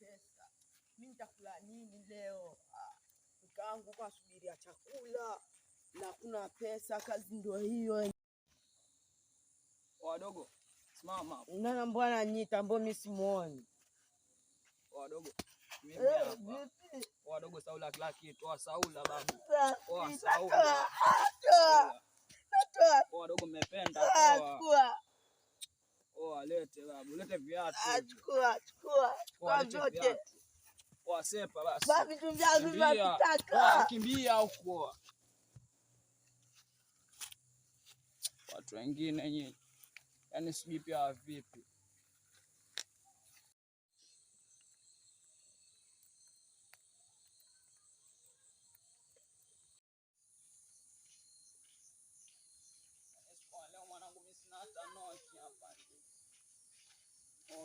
pesa, mi nitakula nini leo? Ah, Mkaangu kasubiria chakula na kuna pesa, kazi ndio hiyo. Wadogo simama nana, mbwana nyita mbo mi simuoni wadogo eh, wadogo Saula, kila kitu wa Saula, babu wa Saula, natoa wadogo, mmependa Lete babu, lete viatu. Achukua, chukua. Chukua vyote. Wasepa basi. Babu vitu vyangu vinataka. Kimbia huko. Watu wengine nyinyi. Yaani sijui pia vipi.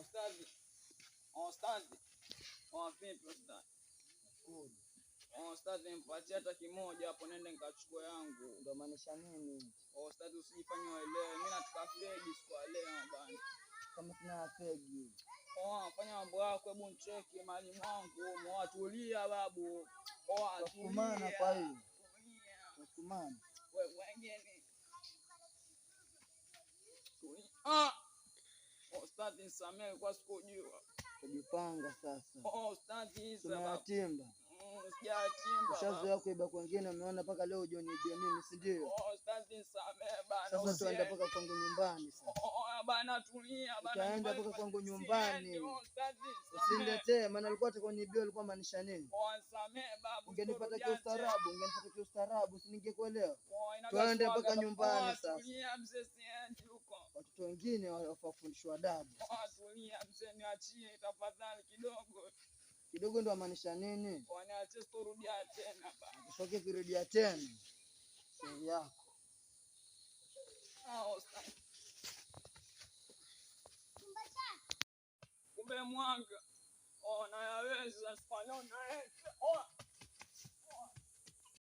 on stade, on stade, on vipi stade on stade, nimpatie hata kimoja hapo, nende nikachukua yangu. Ndio maanisha nini? On stade, usijifanye uelewe, mimi nataka fegi siku leo bana. Kama tuna fegi Oa, fanya mambo yako, hebu nicheki mali mwangu, mwatulia babu. Oa, tukumana kwa hiyo. Tukumana. Wewe wengine. Ah! Ustadhi nisamehe, nilikuwa sikujua. Kujipanga sasa. Oh, ustadhi tumeyatimba mm, ushazoea kuiba kwengine, umeona mpaka leo hujaniibia mimi, si ndio? Oh, sasa tuenda mpaka kwangu nyumbani, sasa oh, utaenda mpaka kwangu nyumbani, oh, usiniletee. Maana alikuwa atakuniibia, alikuwa maanisha nini? Ungenipata kiustaarabu, ungenipata kiustaarabu, si ningekuelewa. Tuende mpaka nyumbani sasa watoto wengine wafundishwa adabu. Tulia mzee, niachie tafadhali kidogo kidogo. Ndo amaanisha nini? Wanaacha kurudia tena baba, kurudia tena sehemu yako. Ah, Kumbe mwanga, oh, nayaweza. Oh, nayaweza. Oh.